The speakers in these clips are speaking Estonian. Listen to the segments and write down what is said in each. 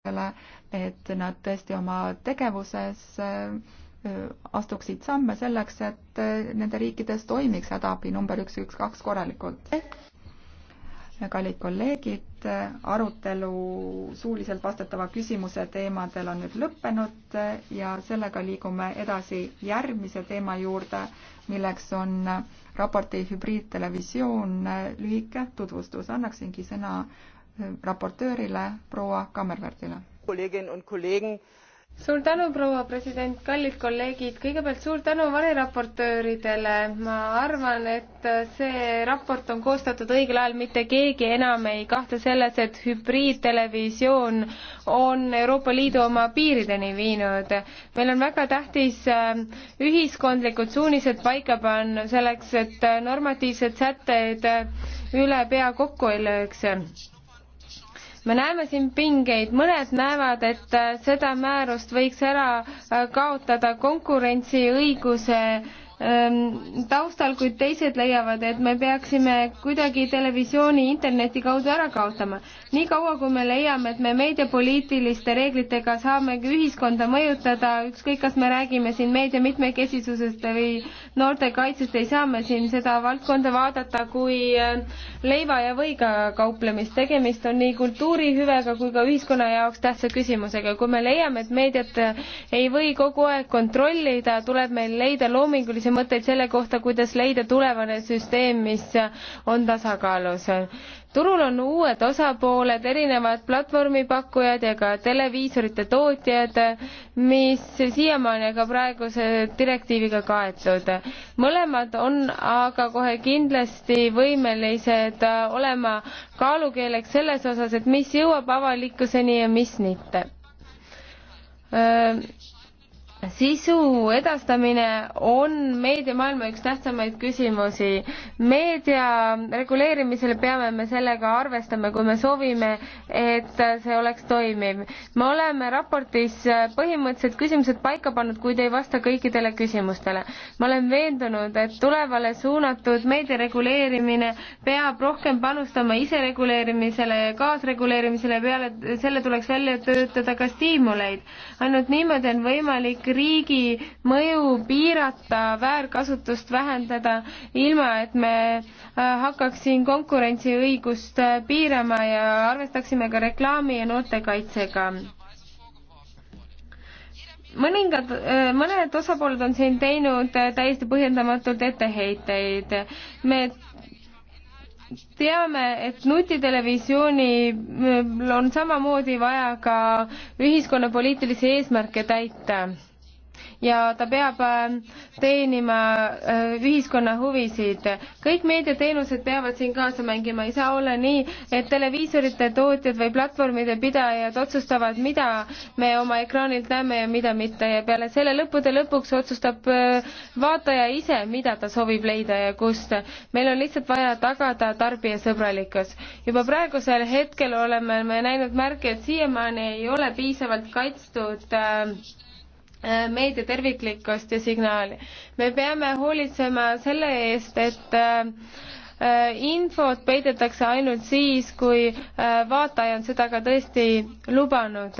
sellele, et nad tõesti oma tegevuses äh, astuksid samme selleks, et äh, nende riikides toimiks hädaabi number üks, üks, kaks korralikult. kallid kolleegid, äh, arutelu suuliselt vastatava küsimuse teemadel on nüüd lõppenud ja sellega liigume edasi järgmise teema juurde, milleks on raporti hübriidtelevisioon lühike tutvustus. annaksingi sõna raportöörile proua Kammerverdile. suur tänu, proua president, kallid kolleegid, kõigepealt suur tänu variraportööridele, ma arvan, et see raport on koostatud õigel ajal, mitte keegi enam ei kahtle selles, et hübriidtelevisioon on Euroopa Liidu oma piirideni viinud. meil on väga tähtis äh, ühiskondlikud suunised paika panna selleks, et normatiivsed sätted üle pea kokku ei lööks me näeme siin pingeid, mõned näevad, et äh, seda määrust võiks ära äh, kaotada konkurentsiõiguse Ehm, taustal, kuid teised leiavad, et me peaksime kuidagi televisiooni interneti kaudu ära kaotama. niikaua, kui me leiame, et me meediapoliitiliste reeglitega saame ühiskonda mõjutada, ükskõik, kas me räägime siin meedia mitmekesisusest või noorte kaitsest, ei saa me siin seda valdkonda vaadata kui eh, leiva ja võiga kauplemist. tegemist on nii kultuurihüvega kui ka ühiskonna jaoks tähtsa küsimusega. kui me leiame, et meediat ei või kogu aeg kontrollida, tuleb meil leida loomingulisi vahelisi mõtteid selle kohta, kuidas leida tulevane süsteem, mis on tasakaalus. turul on uued osapooled, erinevad platvormipakkujad ja ka televiisorite tootjad, mis siiamaani ka praeguse direktiiviga kaetud. mõlemad on aga kohe kindlasti võimelised olema kaalukeeleks selles osas, et mis jõuab avalikkuseni ja mis mitte sisu edastamine on meediamaailma üks tähtsamaid küsimusi. meedia reguleerimisel peame me sellega arvestama, kui me soovime, et see oleks toimiv. me oleme raportis põhimõtteliselt küsimused paika pannud, kuid ei vasta kõikidele küsimustele. ma olen veendunud, et tulevale suunatud meedia reguleerimine peab rohkem panustama isereguleerimisele ja kaasreguleerimisele, peale selle tuleks välja töötada ka stiimuleid. ainult niimoodi on võimalik riigi mõju piirata, väärkasutust vähendada, ilma et me äh, hakkaks siin konkurentsiõigust äh, piirama ja arvestaksime ka reklaami ja noortekaitsega mõningad, äh, mõned osapooled on siin teinud täiesti põhjendamatult etteheiteid. me teame, et nutitelevisioonil on samamoodi vaja ka ühiskonna poliitilisi eesmärke täita ja ta peab äh, teenima äh, ühiskonna huvisid. kõik meediateenused peavad siin kaasa mängima, ei saa olla nii, et televiisorite tootjad või platvormide pidajad otsustavad, mida me oma ekraanilt näeme ja mida mitte ja peale selle lõppude lõpuks otsustab äh, vaataja ise, mida ta soovib leida ja kust. meil on lihtsalt vaja tagada tarbijasõbralikkus. juba praegusel hetkel oleme me näinud märke, et siiamaani ei ole piisavalt kaitstud äh, Äh, meedia terviklikkust ja signaali. me peame hoolitsema selle eest, et äh, äh, infot peidetakse ainult siis, kui vaataja on seda ka tõesti lubanud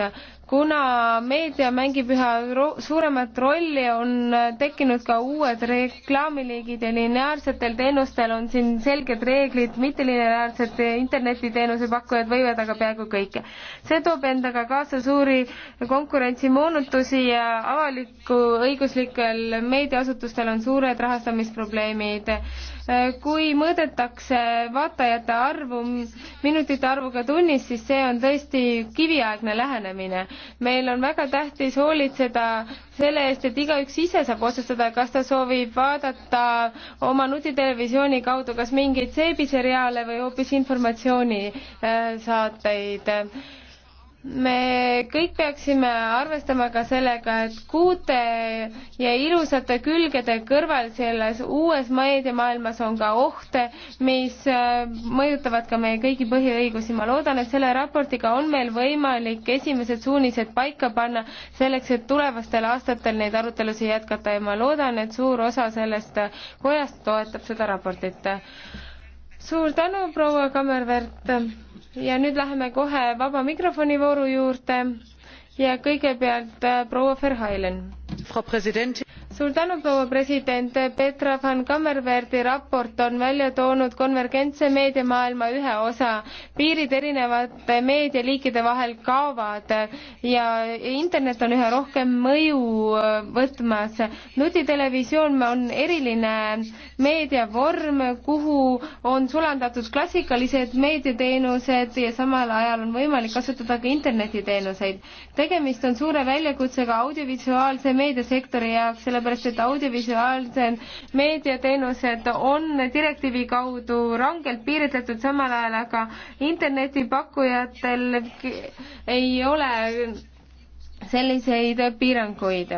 kuna meedia mängib üha ro suuremat rolli, on tekkinud ka uued reklaamiliigid ja lineaarsetel teenustel on siin selged reeglid, mittelineaarsed internetiteenuse pakkujad võivad aga peaaegu kõike. see toob endaga kaasa suuri konkurentsimoonutusi ja avaliku-õiguslikel meediaasutustel on suured rahastamisprobleemid. kui mõõdetakse vaatajate arvu minutite arvuga tunnis, siis see on tõesti kiviaegne lähenemine meil on väga tähtis hoolitseda selle eest, et igaüks ise saab otsustada, kas ta soovib vaadata oma nutitelevisiooni kaudu kas mingeid seebiseriaale või hoopis informatsioonisaateid äh, me kõik peaksime arvestama ka sellega, et kuute ja ilusate külgede kõrval selles uues meediamaailmas on ka ohte, mis äh, mõjutavad ka meie kõigi põhiõigusi. ma loodan, et selle raportiga on meil võimalik esimesed suunised paika panna selleks, et tulevastel aastatel neid arutelusid jätkata ja ma loodan, et suur osa sellest kojast toetab seda raportit suur tänu, proua Kammervert ja nüüd läheme kohe vaba mikrofoni vooru juurde ja kõigepealt äh, proua Verhailen suur tänu, proua president, Petra van Kammerverdi raport on välja toonud konvergentse meediamaailma ühe osa. piirid erinevate meedialiikide vahel kaovad ja internet on üha rohkem mõju võtmas. nutitelevisioon on eriline meediavorm, kuhu on sulandatud klassikalised meediateenused ja samal ajal on võimalik kasutada ka internetiteenuseid. tegemist on suure väljakutsega audiovisuaalse meediasektori jaoks, selle sellepärast et audiovisuaalse meediateenused on direktiivi kaudu rangelt piiritletud, samal ajal aga internetipakkujatel ei ole selliseid piiranguid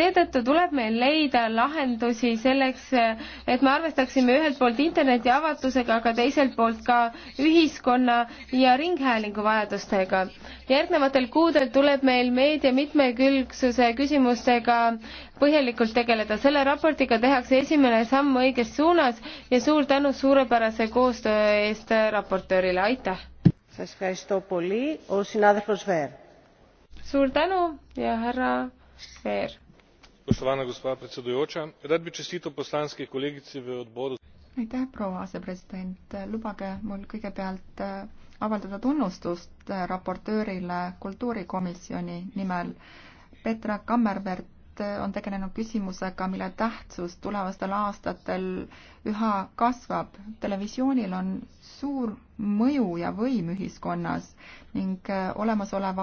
seetõttu tuleb meil leida lahendusi selleks, et me arvestaksime ühelt poolt interneti avatusega, aga teiselt poolt ka ühiskonna ja ringhäälingu vajadustega. järgnevatel kuudel tuleb meil meedia mitmekülgsuse küsimustega põhjalikult tegeleda. selle raportiga tehakse esimene samm õiges suunas ja suur tänu suurepärase koostöö eest raportöörile, aitäh! suur tänu ja härra Veer spoštovana gospa predsedujoča rad bi čestital poslanski kolegici v odboru aitäh proua asepresident lubage mul kõigepealt äh, avaldada tunnustust äh, raportöörile kultuurikomisjoni nimel petra kammerwert raport on tegelenud küsimusega, mille tähtsus tulevastel aastatel üha kasvab. televisioonil on suur mõju ja võim ühiskonnas ning olemasolev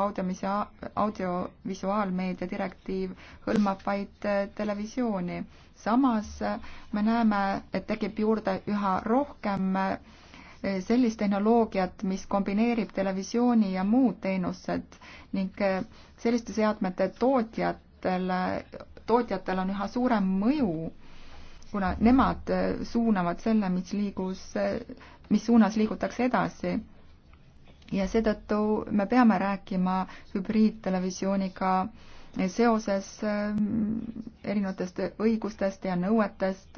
audiovisuaalmeedia direktiiv hõlmab vaid televisiooni. samas me näeme, et tekib juurde üha rohkem sellist tehnoloogiat, mis kombineerib televisiooni ja muud teenused ning selliste seadmete tootjad suurtel tootjatel on üha suurem mõju, kuna nemad suunavad selle, mis liigus, mis suunas liigutakse edasi. ja seetõttu me peame rääkima hübriidtelevisiooniga seoses ähm, erinevatest õigustest ja nõuetest,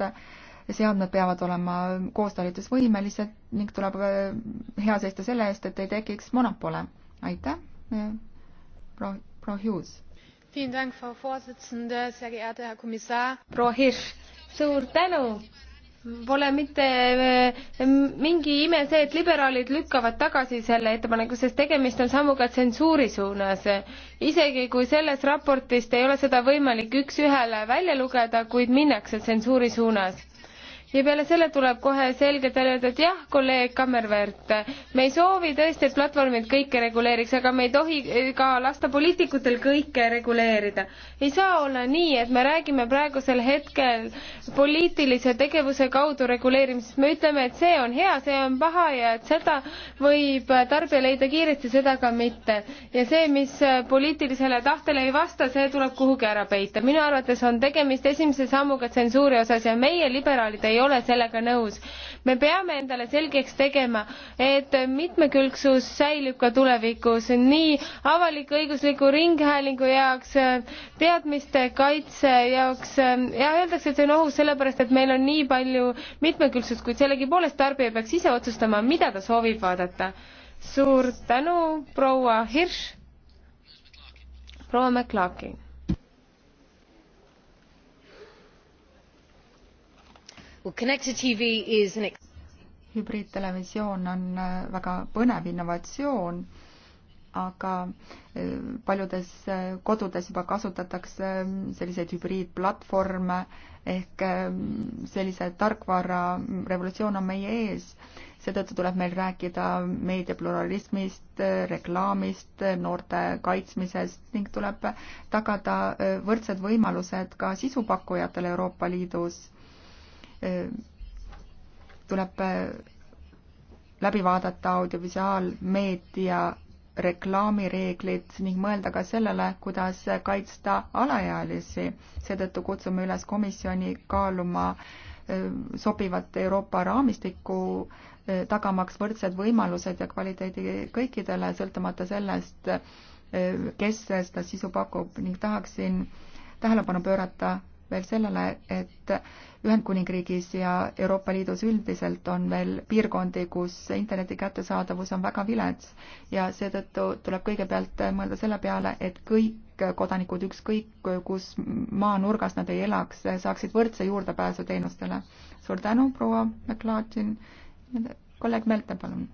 seadmed peavad olema koostalitusvõimelised ning tuleb äh, hea seista selle eest, et ei tekiks monopole. aitäh, äh, proua Hughes! frau präsidentin sehr geehrter herr kommissar! proua hirsch suur tänu! pole mitte äh, mingi ime see et liberaalid lükkavad tagasi selle ettepaneku sest tegemist on sammuga tsensuuri suunas. isegi kui sellest raportist ei ole seda võimalik üks ühele välja lugeda kuid minnakse tsensuuri suunas ja peale selle tuleb kohe selgelt öelda, et jah, kolleeg Kammerväärt, me ei soovi tõesti, et platvormid kõike reguleeriks, aga me ei tohi eh, ka lasta poliitikutel kõike reguleerida. ei saa olla nii, et me räägime praegusel hetkel poliitilise tegevuse kaudu reguleerimisest, me ütleme, et see on hea, see on paha ja et seda võib tarbija leida kiiresti, seda ka mitte. ja see, mis poliitilisele tahtele ei vasta, see tuleb kuhugi ära peita. minu arvates on tegemist esimese sammuga tsensuuri osas ja meie liberaalid ei ei ole sellega nõus. me peame endale selgeks tegema, et mitmekülgsus säilib ka tulevikus nii avalik-õigusliku ringhäälingu jaoks, teadmiste kaitse jaoks ja öeldakse, et see on ohus sellepärast, et meil on nii palju mitmekülgsust, kuid sellegipoolest tarbija peaks ise otsustama, mida ta soovib vaadata. suur tänu, proua Hirš, proua McLaughlin hübriidtelevisioon on äh, väga põnev innovatsioon, aga äh, paljudes äh, kodudes juba kasutatakse ähm, selliseid hübriidplatvorme ehk ähm, sellise tarkvara revolutsioon on meie ees. seetõttu tuleb meil rääkida meediapluralismist, reklaamist, noorte kaitsmisest ning tuleb tagada võrdsed võimalused ka sisupakkujatele Euroopa Liidus tuleb äh, läbi vaadata audiovisuaalmeedia reklaamireeglid ning mõelda ka sellele, kuidas kaitsta alaealisi. seetõttu kutsume üles komisjoni kaaluma äh, sobivat Euroopa raamistikku, äh, tagamaks võrdsed võimalused ja kvaliteedi kõikidele, sõltumata sellest, kes seda sisu pakub ning tahaksin tähelepanu pöörata veel sellele, et Ühendkuningriigis ja Euroopa Liidus üldiselt on veel piirkondi, kus interneti kättesaadavus on väga vilets ja seetõttu tuleb kõigepealt mõelda selle peale, et kõik kodanikud, ükskõik kus maanurgas nad ei elaks, saaksid võrdse juurdepääsu teenustele. suur tänu, proua McLaughlin. kolleeg Melten, palun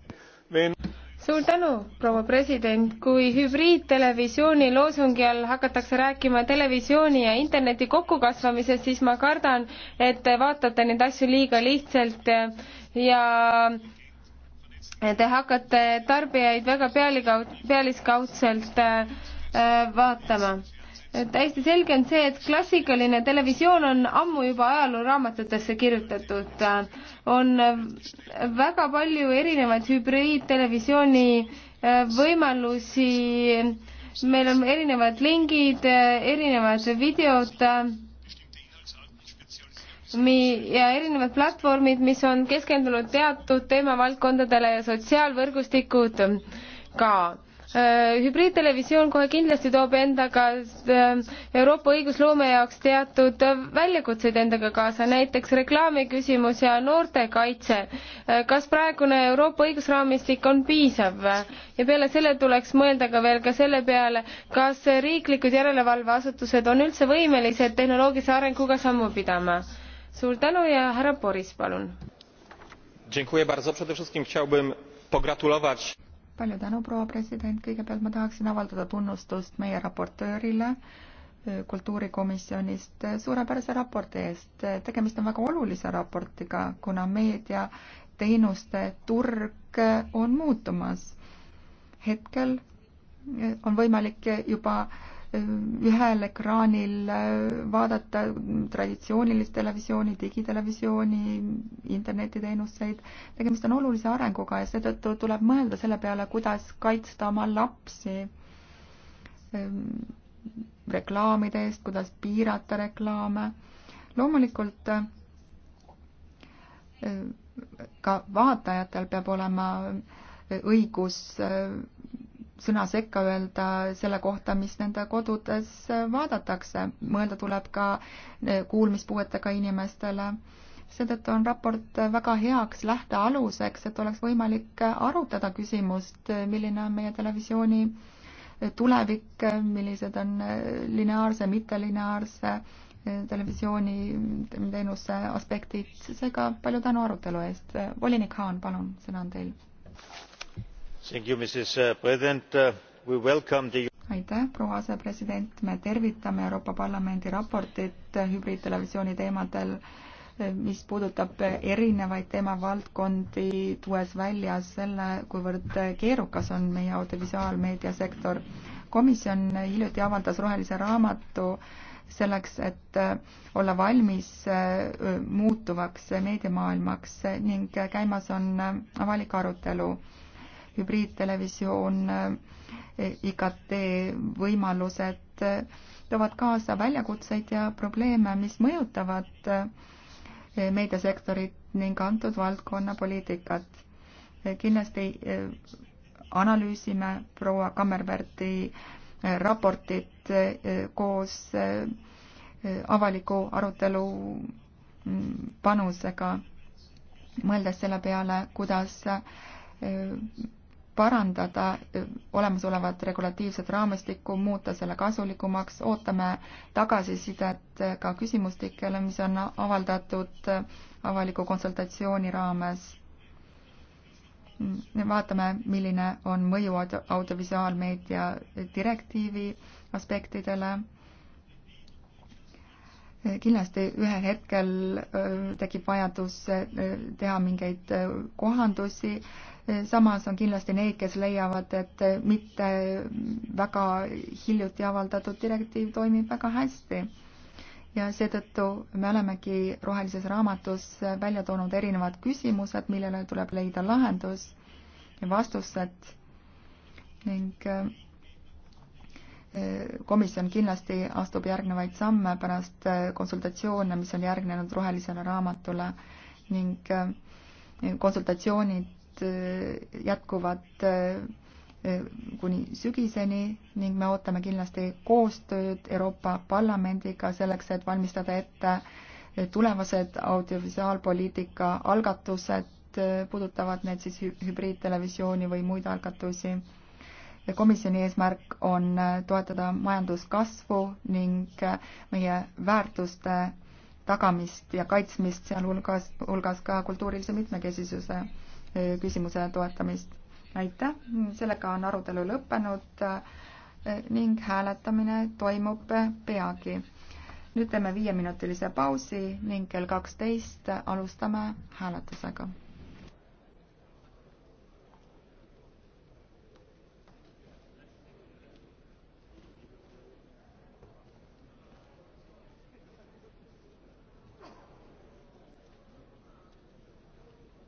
suur tänu, proua president, kui hübriidtelevisiooni loosungi all hakatakse rääkima televisiooni ja interneti kokkukasvamisest, siis ma kardan, et te vaatate neid asju liiga lihtsalt ja te hakkate tarbijaid väga pealikaud-, pealiskaudselt äh, vaatama täiesti selge on see, et klassikaline televisioon on ammu juba ajalooraamatutesse kirjutatud. on väga palju erinevaid hübriidtelevisiooni äh, võimalusi, meil on erinevad lingid, äh, erinevad videod äh, mi- ja erinevad platvormid, mis on keskendunud teatud teemavaldkondadele ja sotsiaalvõrgustikud ka Äh, hübriidtelevisioon kohe kindlasti toob endaga äh, Euroopa õigusloome jaoks teatud äh, väljakutseid endaga kaasa, näiteks reklaamiküsimus ja noorte kaitse. kas praegune Euroopa õigusraamistik on piisav ja peale selle tuleks mõelda ka veel ka selle peale, kas riiklikud järelevalveasutused on üldse võimelised tehnoloogilise arenguga sammu pidama? suur tänu ja härra Boris, palun! Dziękuję bardzo. Przede wszystkim chciałbym pogratulować palju tänu, proua president, kõigepealt ma tahaksin avaldada tunnustust meie raportöörile äh, kultuurikomisjonist äh, suurepärase raporti eest. Äh, tegemist on väga olulise raportiga, kuna meediateenuste turg on muutumas. hetkel on võimalik juba ühel ekraanil äh, vaadata traditsioonilist televisiooni, digitelevisiooni, internetiteenuseid. tegemist on olulise arenguga ja seetõttu tuleb mõelda selle peale, kuidas kaitsta oma lapsi ähm, reklaamide eest, kuidas piirata reklaame. loomulikult äh, ka vaatajatel peab olema õigus äh, sõna sekka öelda selle kohta, mis nende kodudes vaadatakse. mõelda tuleb ka kuulmispuuetega inimestele. seetõttu on raport väga heaks lähtealuseks, et oleks võimalik arutada küsimust, milline on meie televisiooni tulevik, millised on lineaarse, mittelineaarse televisiooni teenuse aspektid. seega palju tänu arutelu eest. volinik Haan, palun, sõna on teil. Uh, uh, aitäh, proua asepresident, me tervitame Euroopa Parlamendi raportit hübriidtelevisiooni teemadel, eh, mis puudutab eh, erinevaid teemavaldkondi, tuues välja selle, kuivõrd eh, keerukas on meie audiovisuaalmeediasektor. komisjon hiljuti avaldas rohelise raamatu selleks, et olla valmis muutuvaks meediamaailmaks ning käimas on avalik arutelu hübriidtelevisioon, äh, IKT võimalused äh, toovad kaasa väljakutseid ja probleeme, mis mõjutavad äh, meediasektorit ning antud valdkonna poliitikat. kindlasti analüüsime proua Kammerverdi raportit koos avaliku arutelu mm, panusega, mõeldes selle peale, kuidas parandada olemasolevat regulatiivset raamistikku, muuta selle kasulikumaks, ootame tagasisidet ka küsimustikele, mis on avaldatud avaliku konsultatsiooni raames. Mm, vaatame, milline on mõju audio, audiovisuaalmeedia direktiivi aspektidele kindlasti ühel hetkel tekib vajadus teha mingeid kohandusi samas on kindlasti neid, kes leiavad, et mitte väga hiljuti avaldatud direktiiv toimib väga hästi. ja seetõttu me olemegi Rohelises raamatus välja toonud erinevad küsimused, millele tuleb leida lahendus ja vastused ning eh, komisjon kindlasti astub järgnevaid samme pärast eh, konsultatsioone, mis on järgnenud Rohelisele raamatule ning eh, konsultatsioonid Äh, jätkuvad äh, äh, kuni sügiseni ning me ootame kindlasti koostööd Euroopa Parlamendiga selleks, et valmistada ette tulevased audiovisuaalpoliitika algatused, puudutavad need siis hübriidtelevisiooni või muid algatusi komisjoni eesmärk on toetada majanduskasvu ning meie väärtuste tagamist ja kaitsmist, sealhulgas, hulgas ka kultuurilise mitmekesisuse küsimuse toetamist. aitäh, sellega on arutelu lõppenud e, ning hääletamine toimub peagi. nüüd teeme viieminutilise pausi ning kell kaksteist alustame hääletusega